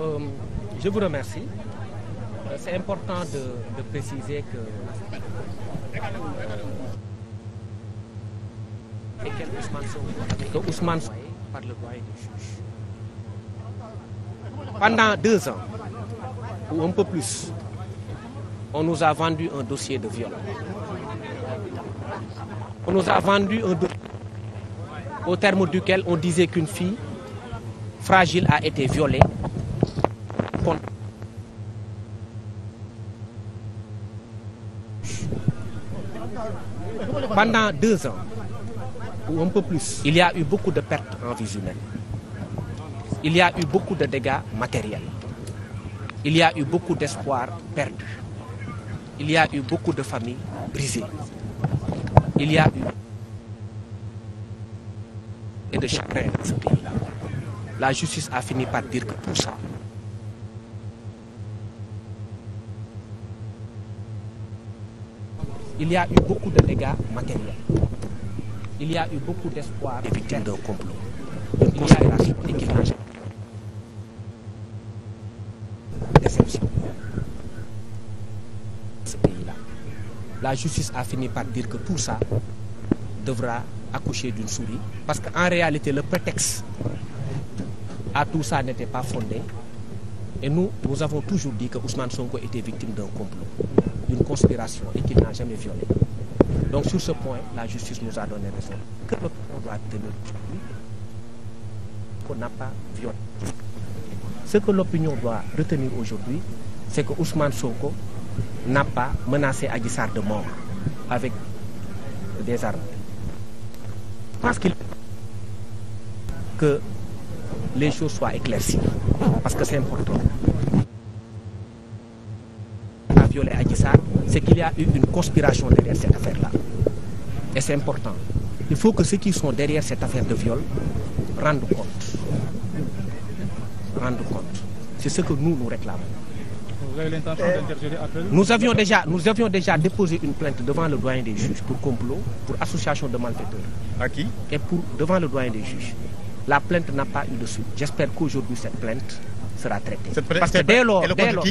Euh, je vous remercie. Euh, c'est important de, de préciser que et quel par le doyen du juge. Pendant deux ans ou un peu plus, on nous a vendu un dossier de viol. On nous a vendu un dossier au terme duquel on disait qu'une fille fragile a été violée. compte. Pendant deux ans, ou un peu plus, il y a eu beaucoup de pertes en vies Il y a eu beaucoup de dégâts matériels. Il y a eu beaucoup d'espoir perdu. Il y a eu beaucoup de familles brisées. Il y a eu et de chagrin dans La justice a fini par dire que pour ça, il y a eu beaucoup de dégâts matériels il y a eu beaucoup d'espoir des victimes d'un complot de conspiration déception ce pays-là la justice a fini par dire que tout ça devra accoucher d'une souris parce qu'en réalité le prétexte à tout ça n'était pas fondé et nous avons toujours dit que Ousmane Sonko était victime d'un complot d'une conspiration et qu'il n'a jamais violé. Donc sur ce point, la justice nous a donné raison. Que on doit tenir qu'on n'a pas violé. Ce que l'opinion doit retenir aujourd'hui, c'est que Ousmane Sonko n'a pas menacé Aguissar de mort avec des armes. Parce que les choses soient éclaircies. Parce que c'est important. c'est qu'il y a eu une conspiration derrière cette affaire-là. Et c'est important. Il faut que ceux qui sont derrière cette affaire de viol rendent compte. Rendent compte. C'est ce que nous, nous réclamons. Vous avez l'intention euh, d'interjeter appel nous avions, déjà, nous avions déjà déposé une plainte devant le doyen des juges pour complot, pour association de malfaiteurs. À qui Et pour, devant le doyen des juges. La plainte n'a pas eu de suite. J'espère qu'aujourd'hui, cette plainte sera traitée. Cette plainte, Parce que dès lors, dès lors,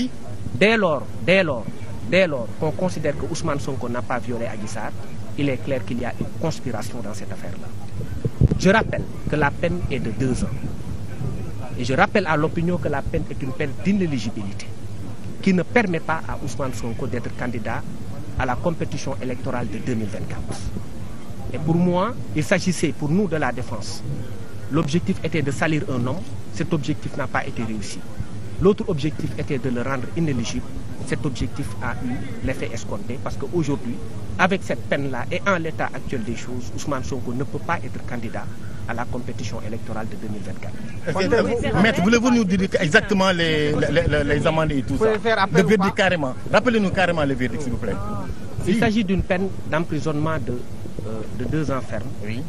dès lors, dès lors, Dès lors qu'on considère que Ousmane Sonko n'a pas violé Adji Sarr, il est clair qu'il y a une conspiration dans cette affaire la peine est de deux ans. à l'opinion que la peine est une peine d'inéligibilité qui ne permet pas à Ousmane Sonko d'être candidat la compétition électorale de 2024. Et pour moi, il s'agissait pour nous de la défense. L'objectif était de salir un homme. Cet objectif n'a pas été réussi. L'autre de le rendre inéligible cet objectif a eu l'effet escompté parce qu'aujourd'hui, avec cette peine-là et en l'état actuel des choses, Ousmane Sonko ne peut pas être candidat à la compétition électorale de 2024. Maître, voulez-vous nous dire exactement les, les, les, les amendes et tout ça Le verdict carrément. Rappelez-nous carrément le verdict, s'il vous plaît. Euh, ferme oui.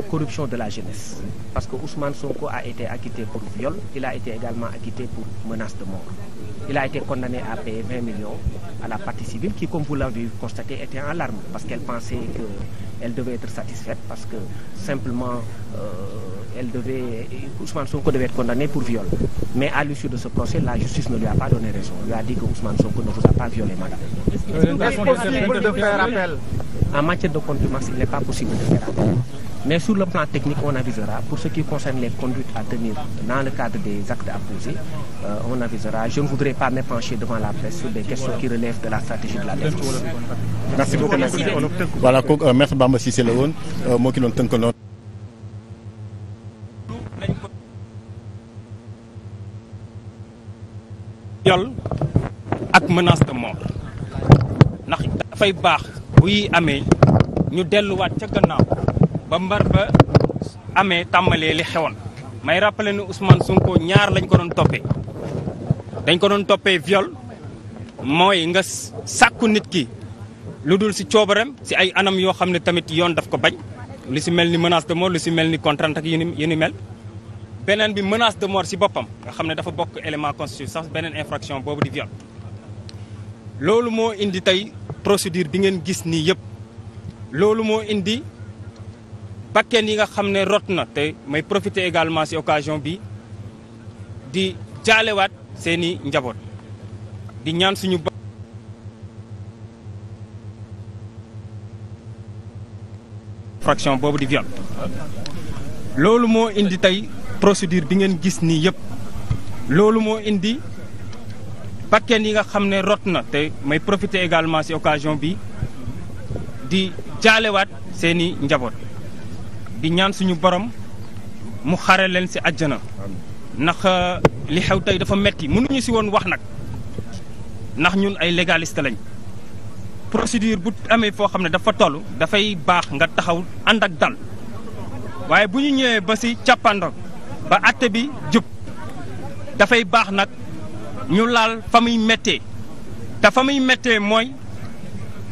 pour de la jeunesse. Parce que Ousmane Sonko a été acquitté pour viol, il a été également acquitté pour menace de mort. Il a été condamné à payer millions à la partie civile qui, comme vous l'avez constaté, était en larmes parce qu'elle pensait qu'elle devait être satisfaite parce que simplement euh, elle devait, devait être condamné pour viol. Mais à l'issue de ce procès, la justice ne lui a pas donné raison. Elle lui que ne vous a pas violé, madame. est matière de contumace, il n'est pas possible de faire appel. Mais sur le plan technique, on avisera. Pour ce qui concerne les conduites à tenir dans le cadre des actes à poser, euh, on avisera. Je ne voudrais pas me pencher devant la presse sur des questions qui relèvent de la stratégie de la défense. Merci beaucoup. Voilà, euh, maître Bamba Cissé la woon euh, moo ki doon tënk noonu. viol ak menace de mort ndax dafay baax buy amee ñu delluwaat ca gannaaw. ba mbar ba amee tàmbalee li xewoon may rappelé ne Ousmane Sonko ñaar lañ ko doon toppee dañ ko doon toppee viol mooy nga sàkku nit ki lu dul si coobaram si ay anam yoo xam ne tamit yoon daf ko bañ lu si mel ni menace de mort lu si mel ni contrainte ak yu ni mel beneen bi menace de mort si boppam nga xam ne dafa bokk élément constitutif sax beneen infraction boobu di viol loolu moo indi tey procédure bi ngeen gis nii yëpp loolu moo indi bakkeen yi nga xam ne rot na te may profiter également ci bi di jaalewaat seeni njaboot di ñaan suñu fraction boobu di loolu moo indi tey procédure bi ngeen gis nii yëpp loolu moo indi bakkeen yi nga xam ne rot na te may profiter également ci occasion bi di jaalewaat seeni njaboot di ñaan suñu borom mu xare leen si àjjana ndax euh, li xew tey dafa metti mënuñu si woon wax nag ndax ñun ay légaliste lañ procédure bu amee foo xam ne dafa toll dafay baax nga taxaw ànd ak dal waaye bu ñu ñëwee ba si càppandaw ba àtte bi jub dafay baax nag ñu laal fa muy méttee te fa muy méttee mooy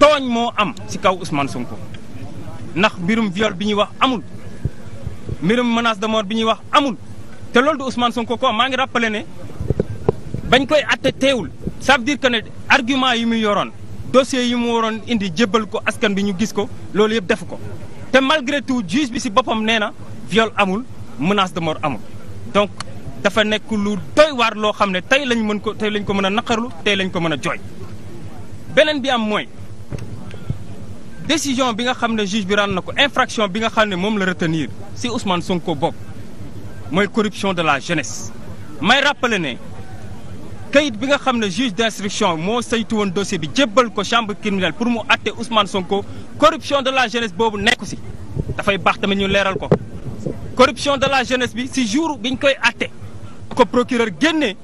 tooñ moo am ci kaw Ousmane Sonko ndax mbirum viol bi ñuy wax amul mbirum menace de mort bi ñuy wax amul te loolu du Ousmane Sonko ko maa ngi rappelé ne bañ koy atte teewul ça veut que ne argument yi muy yoroon dossier yi mu waroon indi jébbal ko askan bi ñu gis ko loolu yëpp def ko te malgré tout juge bi ci boppam nee na viol amul menace de mort amul donc dafa nekk lu doy waar loo xam ne tey lañ mën ko tey lañ ko mën a naqarlu tey lañ ko mën a jooy beneen bi am mooy décision bi nga xam ne juge bi rànd na ko infraction bi nga xam ne moom la retenir si Ousmane Sonko bopp mooy corruption de la jeunesse may rappeler ne kayit bi nga xam ne juge d'instruction moo saytu woon bi jébbal ko chambre criminelle pour mu àtte Ousmane Sonko corruption de la jeunesse boobu nekku si dafay baax tamit ñu leeral ko corruption de la jeunesse bi si jour biñ koy atte ko procureur génnee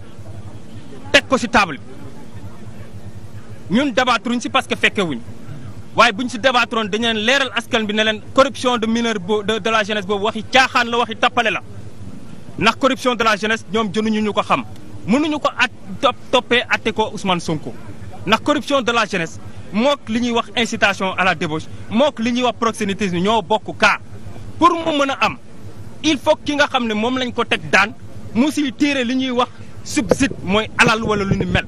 teg ko si table bi ñun débattruñ si parce que fekkewuñ waaye bu ñu si débattroon dañu leeral askan bi ne leen corruption de mineur de de la jeunesse boobu waxi caaxaan la waxi tappale la ndax corruption de la jeunesse ñoom jënuñu ñu ko xam mënuñu ko at toppee ate ko Ousmane Sonko ndax corruption de la jeunesse mook li ñuy wax incitation à la débauche mook li ñuy wax proxénétisme ñoo bokk kaa pour mu mën a am il faut ki nga xam ne moom lañ ko teg daan mu si tiire li ñuy wax subside mooy alal wala lu ñu mel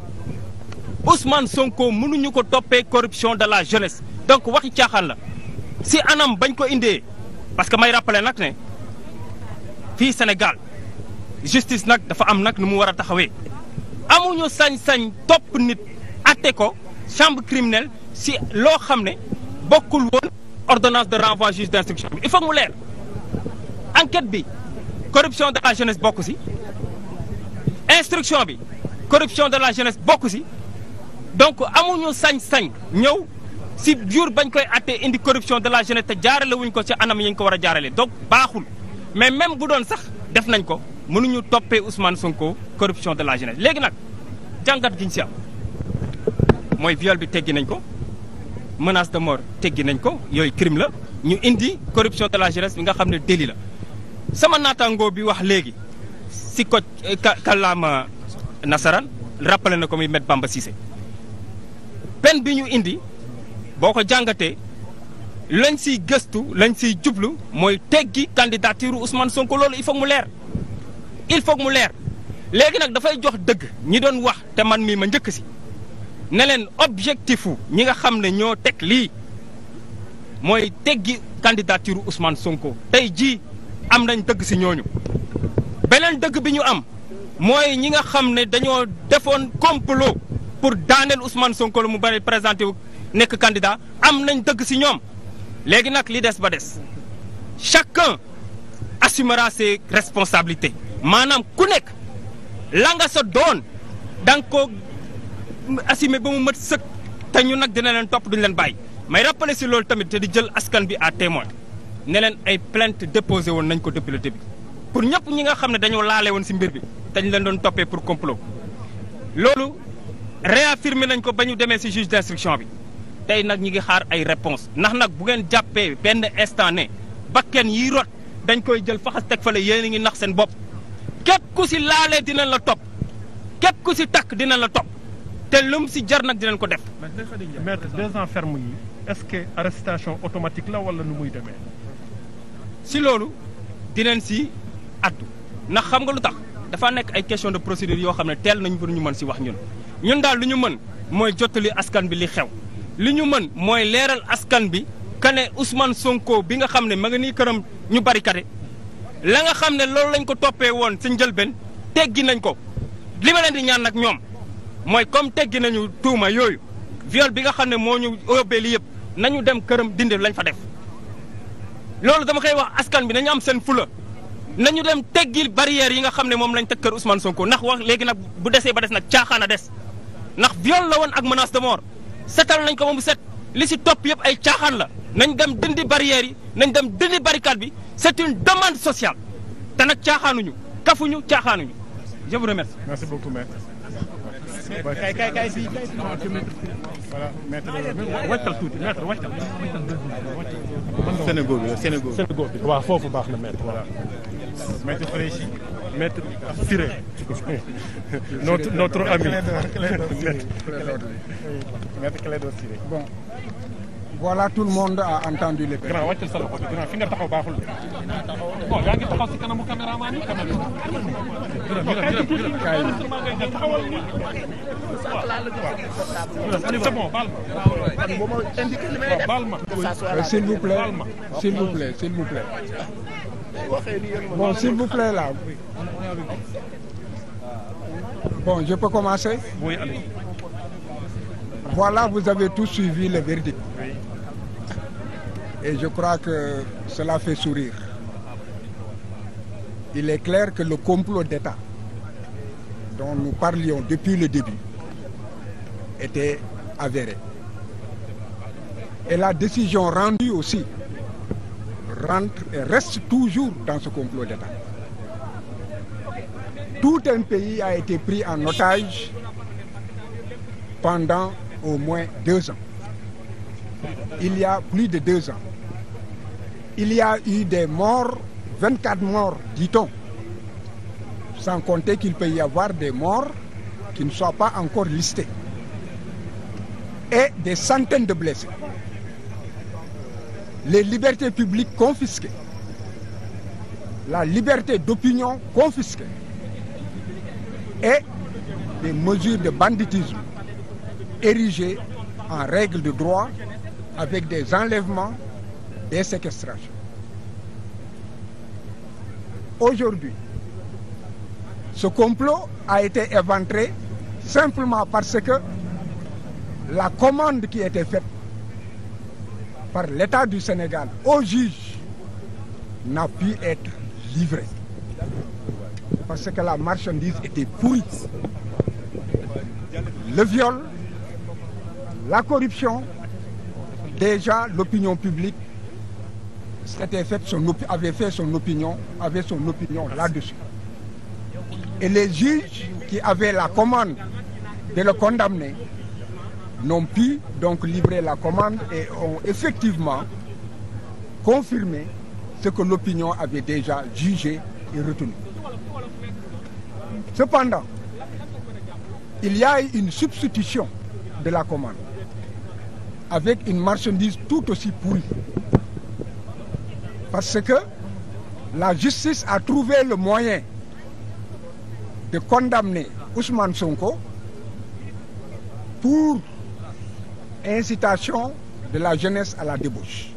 Ousmane Sonko mënuñu ko toppee corruption de la jeunesse donc waxi caaxaan la si anam bañ ko indee parce que may rappelé nag ne fii Sénégal justice nag dafa am nag nu mu war a taxawee amuñu sañ-sañ topp nit atte ko chambre criminelle si loo xam ne bokkul woon ordonnance de renvoi juge d'instruction bi il faut mu leer enquête bi corruption de la jeunesse bokk si instruction bi corruption de la jeunesse bokk si donc amuñu sañ-sañ ñëw si jour bañ koy attee indi corruption de la jeunesse te jaarale ko ci anam yi ñu ko war a jaarale donc baaxul mais même bu doon sax def nañ ko mënuñu toppee Ousmane Sonko corruption de la jeunesse léegi nag jàngat gi ñu si am mooy viol bi teggi nañ ko menace de mort teggi nañ ko yooyu crime la ñu indi corruption de la jeunesse bi nga xam ne délit la sama naataangoo bi wax léegi si ko kàllaama nasaraan rappelé na ko muy met Bamba Cissé peine bi ñu indi boo ko jàngatee lañ siy gëstu lañ siy jublu mooy teggi candidature Ousmane Sonko loolu il faut mu leer il faut mu leer léegi nag dafay jox dëgg ñi doon wax te man mii ma njëkk si ne leen objectif wu ñi nga xam ne ñoo teg lii mooy teggi candidature Ousmane Sonko tey jii am nañ dëgg si ñooñu beneen dëgg bi ñu am mooy ñi nga xam ne dañoo defoon complot pour daaneel Ousmane Sonko la mu bari présenté wu nekk candidat am nañ dëgg si ñoom léegi nag li des ba des chacun assumera ses responsabilité maanaam ku nekk la nga sa doon da nga ko assumer ba mu mat sëkk te ñu nag dina leen topp duñu leen bàyyi may rappeler si loolu tamit te di jël askan bi a témoin ne leen ay plainte déposé woon nañ ko depuis le début pour ñëpp ñi nga xam ne dañoo laale woon si mbir bi te ñu leen doon toppee pour complot loolu réaffirmer nañ ko ba ñu demee ci juge d'instruction bi tey nag ñi ngi xaar ay réponse ndax nag bu ngeen jàppee benn instant ne bakken yi rot dañ koy jël faxas teg fale yéen a ngi nax seen bopp képp ku si laalee dinañ la topp képp ku si takk dinañ la topp te lum si jar nag dinañ ko def. maître deux ans yi est-ce que arrestation automatique la wala nu muy demee. si loolu dinañ si addu ndax xam nga lu tax dafa nekk ay question de procédure yoo xam ne teel nañ pour ñu mën si wax ñun ñun daal lu ñu mën mooy jottali askan bi li xew. li ñu mën mooy leeral askan bi kane Ousmane Sonko bi nga xam ne ma nga nii këram ñu bari barikate la nga xam ne loolu lañ ko toppee woon sa njëlbeen teggi nañ ko li ma leen ñaan nag ñoom mooy comme teggi nañu tuuma yooyu viol bi nga xam ne moo ñu yóbbee li yëpp nañu dem këram dindi lañ fa def loolu dama koy wax askan bi nañu am seen fula nañu dem teggil barrière yi nga xam ne moom lañ teg kër Ousmane Sonko ndax wax léegi nag bu desee ba des nag caaxaan a des ndax viol la woon ak menace de mort setal nañ ko ba mu set li si topp yëpp ay caaxaan la nañ dem dindi barrières yi nañ dem dindi barricade bi c'est une demande sociale te nag caaxaanuñu kafuñu caaxaanuñu je vous remercie. merci beaucoup maître. kay la Sénégal. foofu baax na maître maître Ciré notre notre ami maître Clédor Ciré bon voilà tout le monde a entendu les. grand wàccal sa loxo grand fi nga taxaw baaxul. bon yaa ngi taxaw si kanamu caméraman yi kanam. jërëjëf jërëjëf s'il vous plaît s'il vous plaît s'il vous plaît. Bon, s'il vous plaît, là. Bon, je peux commencer Voilà, vous avez tous suivi le verdict. Et je crois que cela fait sourire. Il est clair que le complot d'État dont nous parlions depuis le début était avéré. Et la décision rendue aussi rentre et reste toujours dans ce complot d'État. Tout un pays a pris en otage pendant au moins deux ans. Il de deux ans. Il y a eu des morts, 24 morts, dit-on, qu'il peut y des morts qui ne soient encore listés, et des centaines de blessés. les libertés publiques confisquées, la liberté d'opinion confisquée et des mesures de banditisme érigées en règle de droit avec des enlèvements, des séquestrations. Aujourd'hui, ce complot a été éventré simplement parce que la commande qui était faite par l'État du Sénégal au juge n'a pu être livré parce que la marchandise était pourrie. Le viol, la corruption, déjà l'opinion publique s'était fait son avait fait son opinion, avait son opinion là-dessus. Et les juges qui avaient la commande de le condamner non pu donc livrer la commande et ont effectivement confirmé ce que l'opinion avait déjà jugé et retenu. Cependant, il y a une substitution de la commande avec une marchandise tout aussi pourrie. Parce que la justice a trouvé le moyen de condamner Ousmane Sonko pour incitation de la jeunesse à la débauche.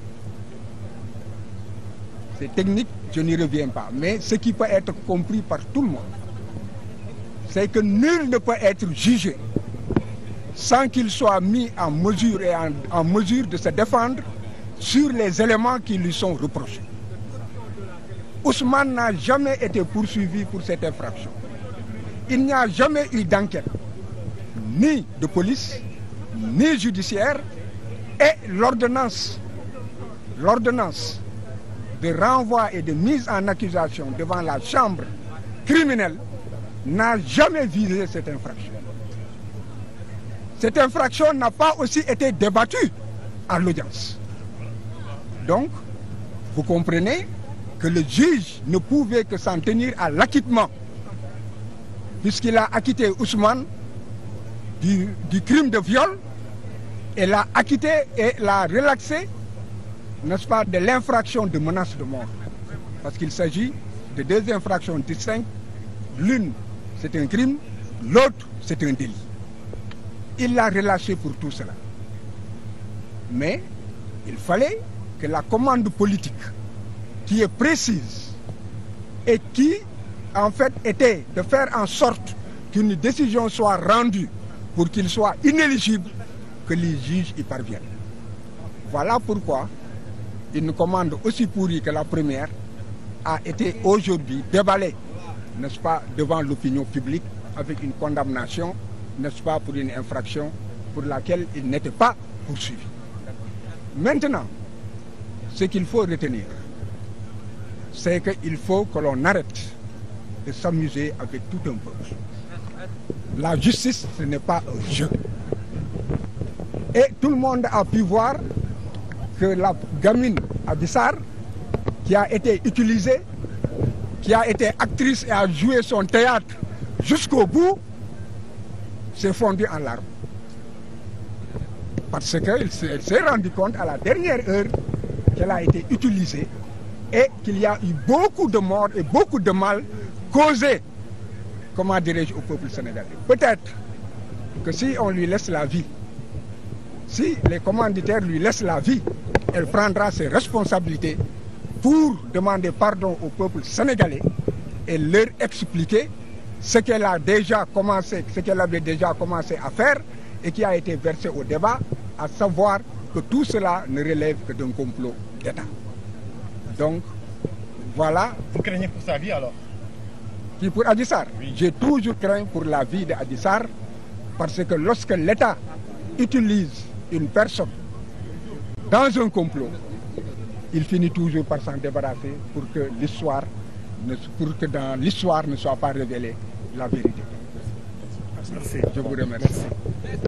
C'est technique, je n'y reviens pas. Mais ce qui peut être compris par tout le monde, c'est que nul ne peut être jugé sans qu'il soit mis en mesure et en, mesure de se défendre sur les éléments qui lui sont reprochés. Ousmane n'a jamais été poursuivi pour cette infraction. Il n'y a jamais eu d'enquête, ni de police, ni judiciaire et l'ordonnance l'ordonnance de renvoi et de mise en accusation devant la chambre criminelle n'a jamais visé cette infraction. Cette infraction n'a pas aussi été débattue à l'audience. Donc, vous comprenez que le juge ne pouvait que s'en tenir à l'acquittement, puisqu'il a acquitté Ousmane du, du crime de viol et l'a acquitté et l'a relaxé, n'est-ce pas, de l'infraction de menace de mort. Parce qu'il s'agit de deux infractions distinctes. L'une, c'est un crime, l'autre, c'est un délit. Il l'a relâché pour tout cela. Mais il fallait que la commande politique, qui est précise et qui, en fait, était de faire en sorte qu'une décision soit rendue pour qu'il soit inéligible que les juges y parviennent. Voilà pourquoi une commande aussi pourrie que la première a été aujourd'hui déballée, n'est-ce pas, devant l'opinion publique avec une condamnation, n'est-ce pas, pour une infraction pour laquelle il n'était pas poursuivi. Maintenant, ce faut retenir, c'est qu'il faut que l'on arrête de s'amuser avec tout un peuple. La justice, ce n'est pas un jeu. Et tout le monde a pu que la gamine à Bissar, qui a été utilisée, qui a été actrice et a joué son théâtre jusqu'au bout, s'est fondue en larmes. Parce qu'elle s'est rendue compte à la dernière heure qu'elle a été utilisée et qu'il y a eu beaucoup de morts et beaucoup de mal causé, comment dirais au peuple sénégalais. Peut-être que si on lui laisse la vie, si les commanditaires lui laissent la vie, elle prendra ses responsabilités pour demander pardon au peuple sénégalais et leur expliquer ce qu'elle a déjà commencé, ce commencé à faire et qui a été versé au débat, à savoir que tout cela ne relève que d'un complot d'État. Donc, voilà. Vous craignez pour sa vie alors pour Adissar oui. J'ai toujours craint pour la vie d'Adissar parce que lorsque l'État utilise une personne dans un complot, il finit toujours par s'en débarrasser pour que l'histoire ne, pour que dans l'histoire ne soit pas révélée la vérité. Merci. Je vous remercie.